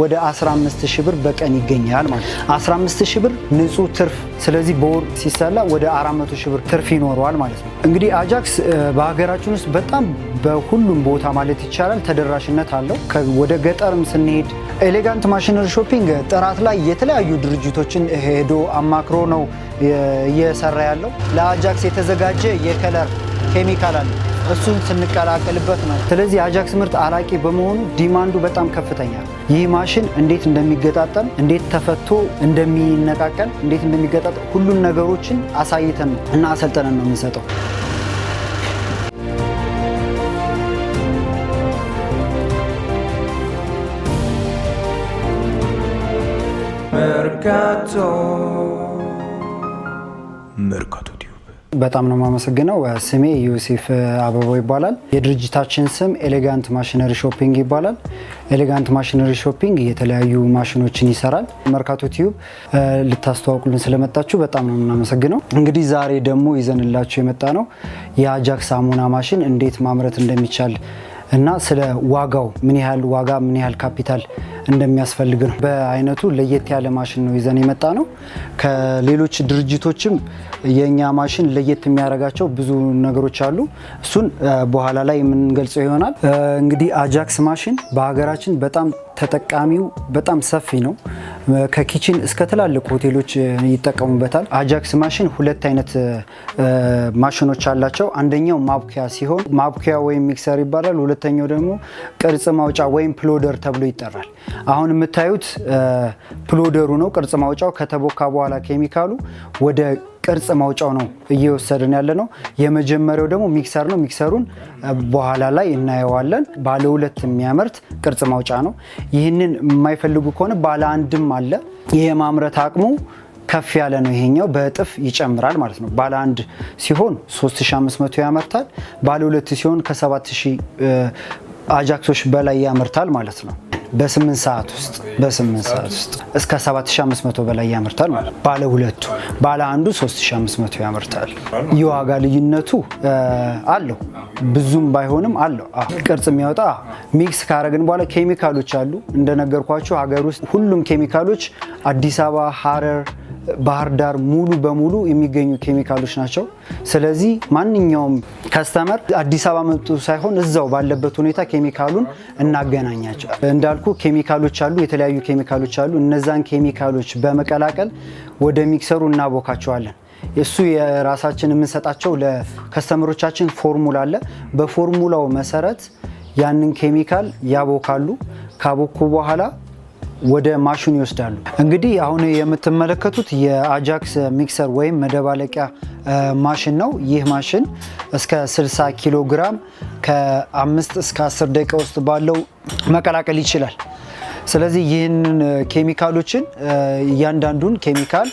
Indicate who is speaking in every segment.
Speaker 1: ወደ 15000 ብር በቀን ይገኛል ማለት ነው። 15000 ብር ንጹህ ትርፍ። ስለዚህ በወር ሲሰላ ወደ 400000 ብር ትርፍ ይኖረዋል ማለት ነው። እንግዲህ አጃክስ በሀገራችን ውስጥ በጣም በሁሉም ቦታ ማለት ይቻላል ተደራሽነት አለው። ወደ ገጠርም ስንሄድ ኤሌጋንት ማሽነሪ ሾፒንግ ጥራት ላይ የተለያዩ ድርጅቶችን ሄዶ አማክሮ ነው እየሰራ ያለው። ለአጃክስ የተዘጋጀ የከለር ኬሚካል አለ። እሱን ስንቀላቀልበት ነው። ስለዚህ አጃክስ ምርት አራቂ በመሆኑ ዲማንዱ በጣም ከፍተኛ ነው። ይህ ማሽን እንዴት እንደሚገጣጠም፣ እንዴት ተፈቶ እንደሚነቃቀል፣ እንዴት እንደሚገጣጠም ሁሉን ነገሮችን አሳይተን ነው እና አሰልጠነን ነው የምንሰጠው። መርካቶ መርካቶ በጣም ነው የማመሰግነው። ስሜ ዮሴፍ አበባው ይባላል። የድርጅታችን ስም ኤሌጋንት ማሽነሪ ሾፒንግ ይባላል። ኤሌጋንት ማሽነሪ ሾፒንግ የተለያዩ ማሽኖችን ይሰራል። መርካቶ ቲዩብ ልታስተዋውቁልን ስለመጣችሁ በጣም ነው የምናመሰግነው። እንግዲህ ዛሬ ደግሞ ይዘንላችሁ የመጣ ነው የአጃክ ሳሙና ማሽን እንዴት ማምረት እንደሚቻል እና ስለ ዋጋው ምን ያህል ዋጋ ምን ያህል ካፒታል እንደሚያስፈልግ ነው። በአይነቱ ለየት ያለ ማሽን ነው ይዘን የመጣ ነው። ከሌሎች ድርጅቶችም የእኛ ማሽን ለየት የሚያደርጋቸው ብዙ ነገሮች አሉ። እሱን በኋላ ላይ የምንገልጸው ይሆናል። እንግዲህ አጃክስ ማሽን በሀገራችን በጣም ተጠቃሚው በጣም ሰፊ ነው። ከኪችን እስከ ትላልቅ ሆቴሎች ይጠቀሙበታል። አጃክስ ማሽን ሁለት አይነት ማሽኖች አላቸው። አንደኛው ማብኪያ ሲሆን ማብኪያ ወይም ሚክሰር ይባላል። ሁለተኛው ደግሞ ቅርጽ ማውጫ ወይም ፕሎደር ተብሎ ይጠራል። አሁን የምታዩት ፕሎደሩ ነው። ቅርጽ ማውጫው ከተቦካ በኋላ ኬሚካሉ ወደ ቅርጽ ማውጫው ነው እየወሰድን ያለ ነው። የመጀመሪያው ደግሞ ሚክሰር ነው። ሚክሰሩን በኋላ ላይ እናየዋለን። ባለ ሁለት የሚያመርት ቅርጽ ማውጫ ነው። ይህንን የማይፈልጉ ከሆነ ባለ አንድም አለ። ይህ የማምረት አቅሙ ከፍ ያለ ነው። ይሄኛው በእጥፍ ይጨምራል ማለት ነው። ባለ አንድ ሲሆን 3500 ያመርታል። ባለ ሁለት ሲሆን ከ7000 አጃክሶች በላይ ያመርታል ማለት ነው። በስምንት ሰዓት ውስጥ በስምንት ሰዓት ውስጥ እስከ 7500 በላይ ያመርታል ማለት ነው። ባለ ሁለቱ ባለ አንዱ 3500 ያመርታል። የዋጋ ልዩነቱ አለው ብዙም ባይሆንም አለው። ቅርጽ የሚያወጣ ሚክስ ካረግን በኋላ ኬሚካሎች አሉ እንደነገርኳችሁ ሀገር ውስጥ ሁሉም ኬሚካሎች አዲስ አበባ ሀረር ባህር ዳር ሙሉ በሙሉ የሚገኙ ኬሚካሎች ናቸው። ስለዚህ ማንኛውም ከስተመር አዲስ አበባ መጡ ሳይሆን እዛው ባለበት ሁኔታ ኬሚካሉን እናገናኛቸው። እንዳልኩ ኬሚካሎች አሉ፣ የተለያዩ ኬሚካሎች አሉ። እነዛን ኬሚካሎች በመቀላቀል ወደ ሚክሰሩ እናቦካቸዋለን። እሱ የራሳችን የምንሰጣቸው ለከስተመሮቻችን ፎርሙላ አለ። በፎርሙላው መሰረት ያንን ኬሚካል ያቦካሉ። ካቦኩ በኋላ ወደ ማሽኑ ይወስዳሉ። እንግዲህ አሁን የምትመለከቱት የአጃክስ ሚክሰር ወይም መደባለቂያ ማሽን ነው። ይህ ማሽን እስከ 60 ኪሎ ግራም ከ5 እስከ 10 ደቂቃ ውስጥ ባለው መቀላቀል ይችላል። ስለዚህ ይህንን ኬሚካሎችን እያንዳንዱን ኬሚካል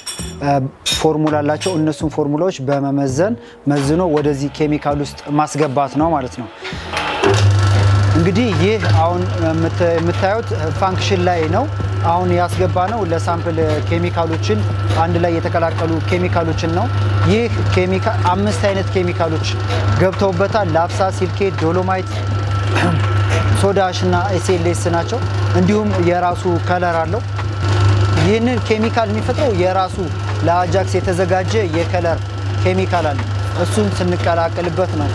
Speaker 1: ፎርሙላ አላቸው። እነሱን ፎርሙላዎች በመመዘን መዝኖ ወደዚህ ኬሚካል ውስጥ ማስገባት ነው ማለት ነው። እንግዲህ ይህ አሁን የምታዩት ፋንክሽን ላይ ነው። አሁን ያስገባ ነው ለሳምፕል ኬሚካሎችን አንድ ላይ የተቀላቀሉ ኬሚካሎችን ነው። ይህ ኬሚካል አምስት አይነት ኬሚካሎች ገብተውበታል። ላፍሳ፣ ሲልኬት፣ ዶሎማይት፣ ሶዳሽ እና ኤስኤልኤስ ናቸው። እንዲሁም የራሱ ከለር አለው። ይህንን ኬሚካል የሚፈጥረው የራሱ ለአጃክስ የተዘጋጀ የከለር ኬሚካል አለ። እሱን ስንቀላቀልበት ነው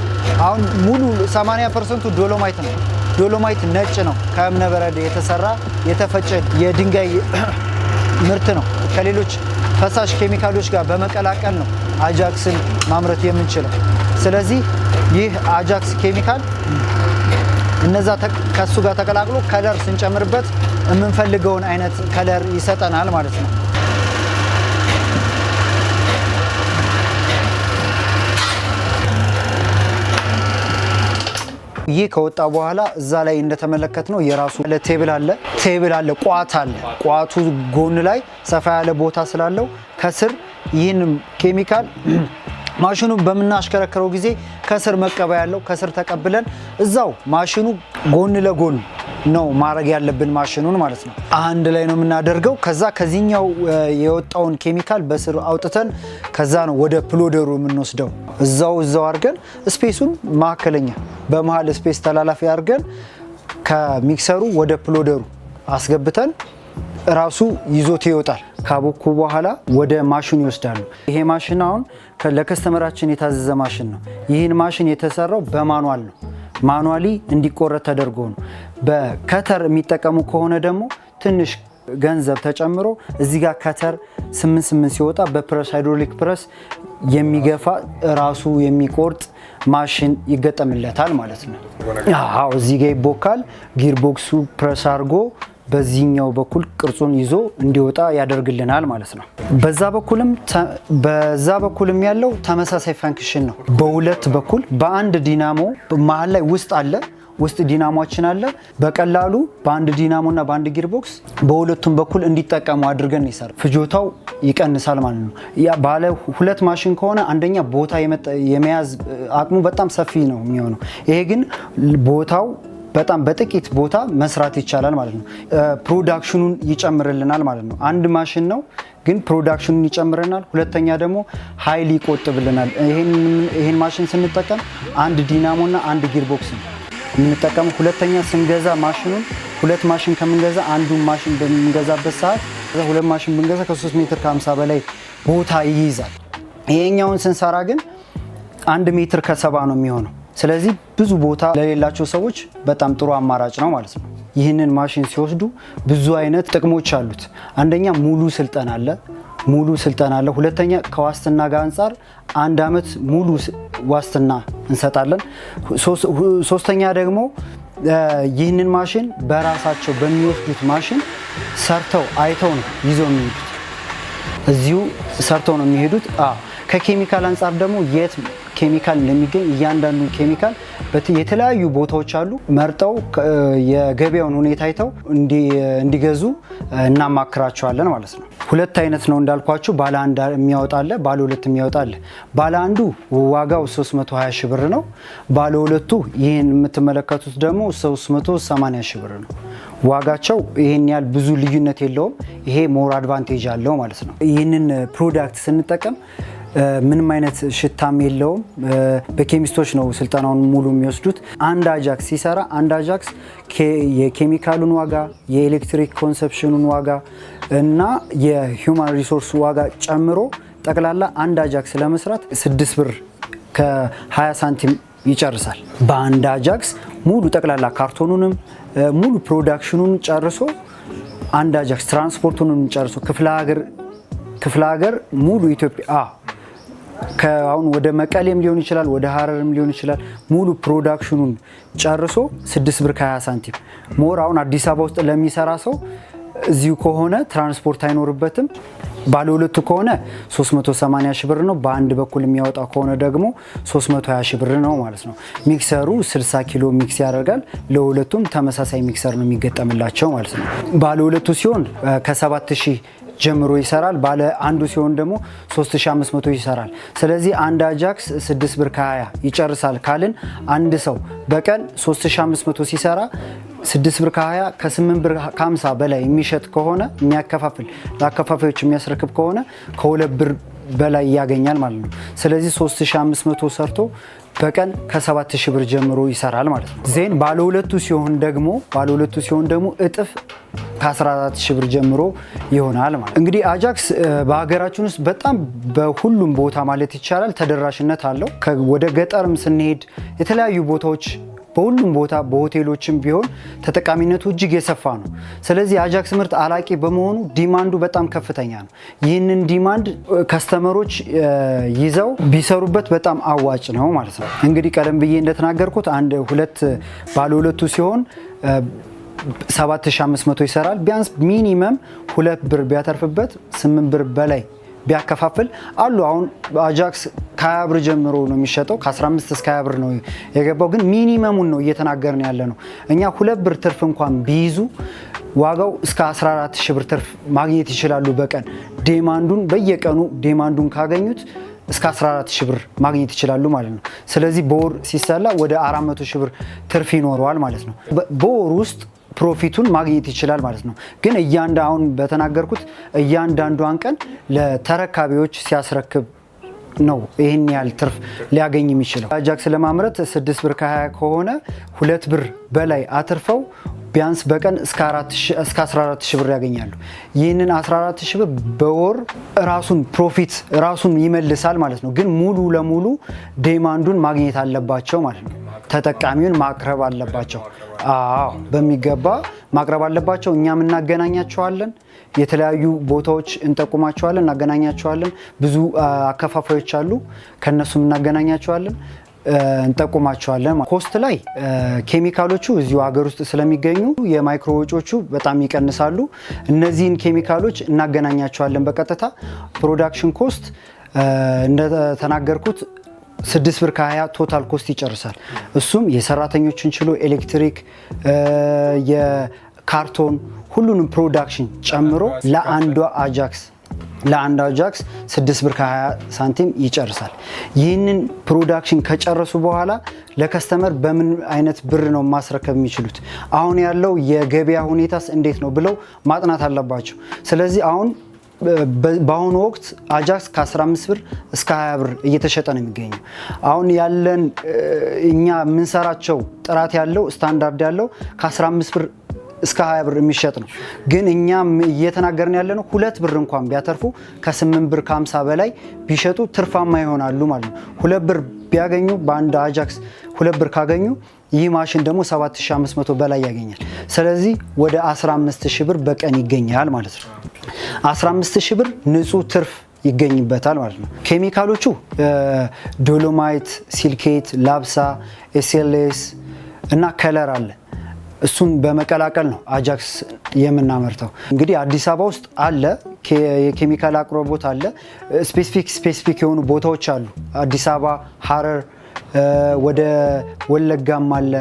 Speaker 1: አሁን ሙሉ 80 ፐርሰንቱ ዶሎማይት ነው። ዶሎማይት ነጭ ነው፣ ከእብነበረድ የተሰራ የተፈጨ የድንጋይ ምርት ነው። ከሌሎች ፈሳሽ ኬሚካሎች ጋር በመቀላቀል ነው አጃክስን ማምረት የምንችለው። ስለዚህ ይህ አጃክስ ኬሚካል እነዛ ከሱ ጋር ተቀላቅሎ ከለር ስንጨምርበት የምንፈልገውን አይነት ከለር ይሰጠናል ማለት ነው። ይህ ከወጣ በኋላ እዛ ላይ እንደተመለከት ነው የራሱ ቴብል አለ፣ ቴብል አለ፣ ቋት አለ። ቋቱ ጎን ላይ ሰፋ ያለ ቦታ ስላለው ከስር ይህን ኬሚካል ማሽኑ በምናሽከረክረው ጊዜ ከስር መቀበያ ያለው ከስር ተቀብለን እዛው ማሽኑ ጎን ለጎን ነው ማድረግ ያለብን ማሽኑን ማለት ነው። አንድ ላይ ነው የምናደርገው። ከዛ ከዚህኛው የወጣውን ኬሚካል በስር አውጥተን ከዛ ነው ወደ ፕሎደሩ የምንወስደው። እዛው እዛው አድርገን ስፔሱን መካከለኛ በመሀል ስፔስ ተላላፊ አድርገን ከሚክሰሩ ወደ ፕሎደሩ አስገብተን ራሱ ይዞት ይወጣል። ካቦኩ በኋላ ወደ ማሽኑ ይወስዳሉ። ይሄ ማሽን አሁን ለከስተመራችን የታዘዘ ማሽን ነው። ይህን ማሽን የተሰራው በማኗል ነው። ማኑዋሊ እንዲቆረጥ ተደርጎ ነው። በከተር የሚጠቀሙ ከሆነ ደግሞ ትንሽ ገንዘብ ተጨምሮ እዚህ ጋር ከተር 88 ሲወጣ በፕረስ ሃይድሮሊክ ፕረስ የሚገፋ ራሱ የሚቆርጥ ማሽን ይገጠምለታል ማለት ነው። አዎ እዚህ ጋር ይቦካል። ጊርቦክሱ ፕረስ አድርጎ በዚህኛው በኩል ቅርጹን ይዞ እንዲወጣ ያደርግልናል ማለት ነው። በዛ በኩልም በዛ በኩልም ያለው ተመሳሳይ ፈንክሽን ነው። በሁለት በኩል በአንድ ዲናሞ መሀል ላይ ውስጥ አለ ውስጥ ዲናሞችን አለ። በቀላሉ በአንድ ዲናሞ እና በአንድ ጊርቦክስ በሁለቱም በኩል እንዲጠቀሙ አድርገን ይሰራል። ፍጆታው ይቀንሳል ማለት ነው። ያ ባለ ሁለት ማሽን ከሆነ አንደኛ ቦታ የመያዝ አቅሙ በጣም ሰፊ ነው የሚሆነው። ይሄ ግን ቦታው በጣም በጥቂት ቦታ መስራት ይቻላል ማለት ነው። ፕሮዳክሽኑን ይጨምርልናል ማለት ነው። አንድ ማሽን ነው ግን ፕሮዳክሽኑን ይጨምረናል። ሁለተኛ ደግሞ ኃይል ይቆጥብልናል። ይህን ማሽን ስንጠቀም አንድ ዲናሞና አንድ ጊርቦክስ ነው የምንጠቀመው። ሁለተኛ ስንገዛ ማሽኑን ሁለት ማሽን ከምንገዛ አንዱን ማሽን በምንገዛበት ሰዓት ሁለት ማሽን ብንገዛ ከ3 ሜትር ከ50 በላይ ቦታ ይይዛል። ይሄኛውን ስንሰራ ግን አንድ ሜትር ከሰባ ነው የሚሆነው ስለዚህ ብዙ ቦታ ለሌላቸው ሰዎች በጣም ጥሩ አማራጭ ነው ማለት ነው። ይህንን ማሽን ሲወስዱ ብዙ አይነት ጥቅሞች አሉት። አንደኛ ሙሉ ስልጠና አለ ሙሉ ስልጠና አለ። ሁለተኛ ከዋስትና ጋር አንጻር አንድ አመት ሙሉ ዋስትና እንሰጣለን። ሶስተኛ ደግሞ ይህንን ማሽን በራሳቸው በሚወስዱት ማሽን ሰርተው አይተው ነው ይዘው የሚሄዱት፣ እዚሁ ሰርተው ነው የሚሄዱት። ከኬሚካል አንጻር ደግሞ የት ኬሚካል እንደሚገኝ እያንዳንዱ ኬሚካል የተለያዩ ቦታዎች አሉ። መርጠው የገበያውን ሁኔታ አይተው እንዲገዙ እናማክራቸዋለን ማለት ነው። ሁለት አይነት ነው እንዳልኳችሁ፣ ባለ አንድ የሚያወጣለ ባለ ሁለት የሚያወጣለ። ባለ አንዱ ዋጋው 320 ሺ ብር ነው። ባለ ሁለቱ ይህን የምትመለከቱት ደግሞ 380 ሺ ብር ነው። ዋጋቸው ይህን ያህል ብዙ ልዩነት የለውም። ይሄ ሞር አድቫንቴጅ አለው ማለት ነው። ይህንን ፕሮዳክት ስንጠቀም ምንም አይነት ሽታም የለውም። በኬሚስቶች ነው ስልጠናውን ሙሉ የሚወስዱት። አንድ አጃክስ ሲሰራ አንድ አጃክስ የኬሚካሉን ዋጋ፣ የኤሌክትሪክ ኮንሰፕሽኑን ዋጋ እና የሂውማን ሪሶርስ ዋጋ ጨምሮ ጠቅላላ አንድ አጃክስ ለመስራት ስድስት ብር ከ20 ሳንቲም ይጨርሳል። በአንድ አጃክስ ሙሉ ጠቅላላ ካርቶኑንም ሙሉ ፕሮዳክሽኑን ጨርሶ አንድ አጃክስ ትራንስፖርቱንም ጨርሶ ክፍለ ሀገር ክፍለ ሀገር ሙሉ ኢትዮጵያ አሁን ወደ መቀሌም ሊሆን ይችላል፣ ወደ ሀረርም ሊሆን ይችላል። ሙሉ ፕሮዳክሽኑን ጨርሶ 6 ብር ከ20 ሳንቲም ሞር። አሁን አዲስ አበባ ውስጥ ለሚሰራ ሰው እዚሁ ከሆነ ትራንስፖርት አይኖርበትም። ባለ ሁለቱ ከሆነ 380 ሺ ብር ነው። በአንድ በኩል የሚያወጣ ከሆነ ደግሞ 320 ሺ ብር ነው ማለት ነው። ሚክሰሩ 60 ኪሎ ሚክስ ያደርጋል። ለሁለቱም ተመሳሳይ ሚክሰር ነው የሚገጠምላቸው ማለት ነው። ባለ ሁለቱ ሲሆን ከ7000 ጀምሮ ይሰራል። ባለ አንዱ ሲሆን ደግሞ 3500 ይሰራል። ስለዚህ አንድ አጃክስ 6 ብር ከ20 ይጨርሳል ካልን አንድ ሰው በቀን 3500 ሲሰራ 6 ብር ከ20 ከ8 ብር ከ50 በላይ የሚሸጥ ከሆነ የሚያከፋፍል ለአከፋፋዮች የሚያስረክብ ከሆነ ከሁለት ብር በላይ ያገኛል ማለት ነው። ስለዚህ 3500 ሰርቶ በቀን ከ7000 ብር ጀምሮ ይሰራል ማለት ነው። ዜን ባለ ሁለቱ ሲሆን ደግሞ ባለ ሁለቱ ሲሆን ደግሞ እጥፍ ከ14 ሺህ ብር ጀምሮ ይሆናል ማለት እንግዲህ አጃክስ በሀገራችን ውስጥ በጣም በሁሉም ቦታ ማለት ይቻላል ተደራሽነት አለው። ወደ ገጠርም ስንሄድ የተለያዩ ቦታዎች በሁሉም ቦታ በሆቴሎችም ቢሆን ተጠቃሚነቱ እጅግ የሰፋ ነው። ስለዚህ አጃክስ ምርት አላቂ በመሆኑ ዲማንዱ በጣም ከፍተኛ ነው። ይህንን ዲማንድ ከስተመሮች ይዘው ቢሰሩበት በጣም አዋጭ ነው ማለት ነው። እንግዲህ ቀደም ብዬ እንደተናገርኩት አንድ ሁለት ባለ ሁለቱ ሲሆን 7500 ይሰራል። ቢያንስ ሚኒመም ሁለት ብር ቢያተርፍበት ስምንት ብር በላይ ቢያከፋፍል አሉ። አሁን አጃክስ ከሀያ ብር ጀምሮ ነው የሚሸጠው ከ15 እስከ ብር ነው የገባው። ግን ሚኒመሙን ነው እየተናገርን ያለ ነው። እኛ ሁለት ብር ትርፍ እንኳን ቢይዙ ዋጋው እስከ 14 ሺህ ብር ትርፍ ማግኘት ይችላሉ በቀን ዴማንዱን በየቀኑ ዴማንዱን ካገኙት እስከ 14 ሺህ ብር ማግኘት ይችላሉ ማለት ነው። ስለዚህ በወር ሲሰላ ወደ 400 ሺህ ብር ትርፍ ይኖረዋል ማለት ነው በወር ውስጥ ፕሮፊቱን ማግኘት ይችላል ማለት ነው። ግን እያንዳ አሁን በተናገርኩት እያንዳንዷን ቀን ለተረካቢዎች ሲያስረክብ ነው ይህን ያህል ትርፍ ሊያገኝ የሚችለው። አጃክስ ለማምረት ስድስት ብር ከ20 ከሆነ ሁለት ብር በላይ አትርፈው ቢያንስ በቀን እስከ 14 ሺህ ብር ያገኛሉ። ይህንን 14 ሺህ ብር በወር ራሱን ፕሮፊት ራሱን ይመልሳል ማለት ነው። ግን ሙሉ ለሙሉ ዴማንዱን ማግኘት አለባቸው ማለት ነው። ተጠቃሚውን ማቅረብ አለባቸው። አዎ በሚገባ ማቅረብ አለባቸው። እኛም እናገናኛቸዋለን። የተለያዩ ቦታዎች እንጠቁማቸዋለን፣ እናገናኛቸዋለን። ብዙ አከፋፋዮች አሉ፣ ከእነሱም እናገናኛቸዋለን እንጠቁማቸዋለን ኮስት ላይ ኬሚካሎቹ እዚሁ ሀገር ውስጥ ስለሚገኙ የማይክሮ ወጮቹ በጣም ይቀንሳሉ። እነዚህን ኬሚካሎች እናገናኛቸዋለን በቀጥታ ፕሮዳክሽን ኮስት እንደተናገርኩት ስድስት ብር ከሀያ ቶታል ኮስት ይጨርሳል። እሱም የሰራተኞችን ችሎ ኤሌክትሪክ፣ የካርቶን ሁሉንም ፕሮዳክሽን ጨምሮ ለአንዷ አጃክስ ለአንድ አጃክስ 6 ብር ከ20 ሳንቲም ይጨርሳል። ይህንን ፕሮዳክሽን ከጨረሱ በኋላ ለከስተመር በምን አይነት ብር ነው ማስረከብ የሚችሉት፣ አሁን ያለው የገበያ ሁኔታስ እንዴት ነው ብለው ማጥናት አለባቸው። ስለዚህ አሁን በአሁኑ ወቅት አጃክስ ከ15 ብር እስከ 20 ብር እየተሸጠ ነው የሚገኘው። አሁን ያለን እኛ የምንሰራቸው ጥራት ያለው ስታንዳርድ ያለው ከ15 ብር እስከ 20 ብር የሚሸጥ ነው። ግን እኛም እየተናገርን ያለ ነው ሁለት ብር እንኳን ቢያተርፉ ከ8 ብር ከ50 በላይ ቢሸጡ ትርፋማ ይሆናሉ ማለት ነው። ሁለት ብር ቢያገኙ በአንድ አጃክስ ሁለት ብር ካገኙ ይህ ማሽን ደግሞ 7500 በላይ ያገኛል። ስለዚህ ወደ 15000 ብር በቀን ይገኛል ማለት ነው። 15000 ሺህ ብር ንጹህ ትርፍ ይገኝበታል ማለት ነው። ኬሚካሎቹ ዶሎማይት፣ ሲልኬት፣ ላብሳ፣ ኤስኤልኤስ እና ከለር አለ። እሱን በመቀላቀል ነው አጃክስ የምናመርተው። እንግዲህ አዲስ አበባ ውስጥ አለ የኬሚካል አቅርቦት አለ። ስፔሲፊክ ስፔሲፊክ የሆኑ ቦታዎች አሉ። አዲስ አበባ፣ ሀረር ወደ ወለጋም አለ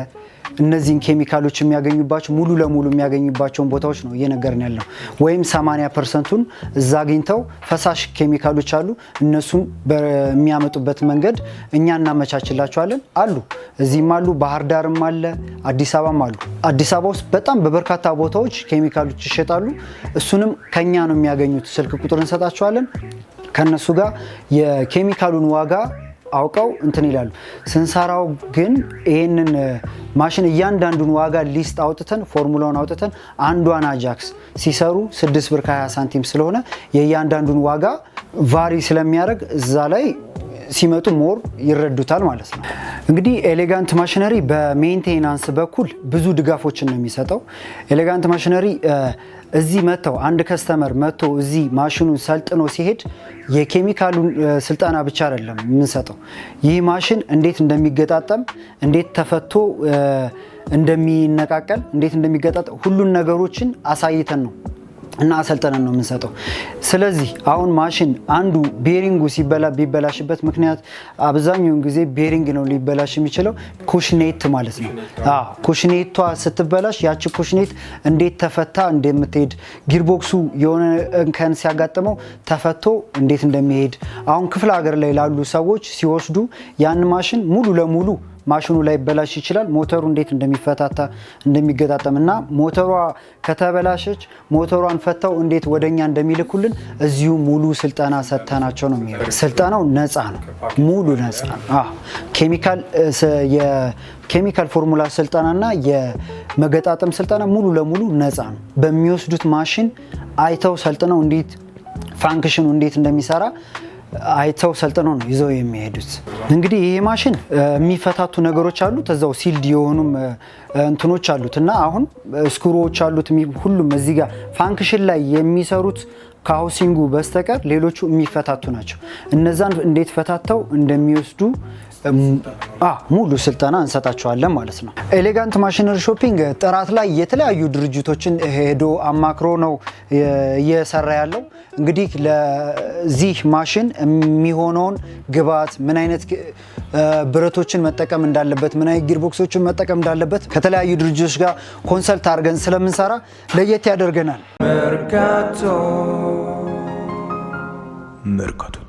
Speaker 1: እነዚህን ኬሚካሎች የሚያገኙባቸው ሙሉ ለሙሉ የሚያገኙባቸውን ቦታዎች ነው እየነገርን ያለው ወይም 80 ፐርሰንቱን እዛ አግኝተው ፈሳሽ ኬሚካሎች አሉ እነሱን በሚያመጡበት መንገድ እኛ እናመቻችላቸዋለን አሉ እዚህም አሉ ባህር ዳርም አለ አዲስ አበባም አሉ አዲስ አበባ ውስጥ በጣም በበርካታ ቦታዎች ኬሚካሎች ይሸጣሉ እሱንም ከኛ ነው የሚያገኙት ስልክ ቁጥር እንሰጣቸዋለን ከእነሱ ጋር የኬሚካሉን ዋጋ አውቀው እንትን ይላሉ። ስንሰራው ግን ይህንን ማሽን እያንዳንዱን ዋጋ ሊስት አውጥተን ፎርሙላውን አውጥተን አንዷን አጃክስ ሲሰሩ 6 ብር ከ20 ሳንቲም ስለሆነ የእያንዳንዱን ዋጋ ቫሪ ስለሚያደርግ እዛ ላይ ሲመጡ ሞር ይረዱታል ማለት ነው። እንግዲህ ኤሌጋንት ማሽነሪ በሜንቴናንስ በኩል ብዙ ድጋፎችን ነው የሚሰጠው። ኤሌጋንት ማሽነሪ እዚህ መጥተው አንድ ከስተመር መጥቶ እዚህ ማሽኑን ሰልጥኖ ሲሄድ የኬሚካሉን ስልጠና ብቻ አይደለም የምንሰጠው። ይህ ማሽን እንዴት እንደሚገጣጠም፣ እንዴት ተፈቶ እንደሚነቃቀል፣ እንዴት እንደሚገጣጠም ሁሉን ነገሮችን አሳይተን ነው እና አሰልጠነን ነው የምንሰጠው። ስለዚህ አሁን ማሽን አንዱ ቤሪንጉ ሲበላ ቢበላሽበት ምክንያት አብዛኛውን ጊዜ ቤሪንግ ነው ሊበላሽ የሚችለው ኩሽኔት ማለት ነው። ኩሽኔቷ ስትበላሽ ያቺ ኩሽኔት እንዴት ተፈታ እንደምትሄድ ጊርቦክሱ የሆነ እንከን ሲያጋጥመው ተፈቶ እንዴት እንደሚሄድ አሁን ክፍለ ሀገር ላይ ላሉ ሰዎች ሲወስዱ ያን ማሽን ሙሉ ለሙሉ ማሽኑ በላሽ ይችላል። ሞተሩ እንዴት እንደሚፈታታ እንደሚገጣጠም እና ሞተሯ ከተበላሸች ሞተሯን ፈታው እንዴት ወደኛ እንደሚልኩልን እዚሁ ሙሉ ስልጠና ሰጥተናቸው ነው የሚሄዱ። ስልጠናው ነፃ ነው፣ ሙሉ ነፃ ነው። ኬሚካል ኬሚካል ፎርሙላ ስልጠናና የመገጣጠም ስልጠና ሙሉ ለሙሉ ነፃ ነው። በሚወስዱት ማሽን አይተው ሰልጥነው እንዴት ፋንክሽኑ እንዴት እንደሚሰራ አይተው ሰልጥነው ነው ይዘው የሚሄዱት። እንግዲህ ይሄ ማሽን የሚፈታቱ ነገሮች አሉት፣ እዛው ሲልድ የሆኑም እንትኖች አሉት እና አሁን ስክሮዎች አሉት። ሁሉም እዚህ ጋር ፋንክሽን ላይ የሚሰሩት ከሀውሲንጉ በስተቀር ሌሎቹ የሚፈታቱ ናቸው። እነዛን እንዴት ፈታተው እንደሚወስዱ ሙሉ ስልጠና እንሰጣቸዋለን ማለት ነው። ኤሌጋንት ማሽነሪ ሾፒንግ ጥራት ላይ የተለያዩ ድርጅቶችን ሄዶ አማክሮ ነው እየሰራ ያለው። እንግዲህ ለዚህ ማሽን የሚሆነውን ግብዓት፣ ምን አይነት ብረቶችን መጠቀም እንዳለበት፣ ምን አይነት ጊርቦክሶችን መጠቀም እንዳለበት ከተለያዩ ድርጅቶች ጋር ኮንሰልት አድርገን ስለምንሰራ ለየት ያደርገናል። መርካቶ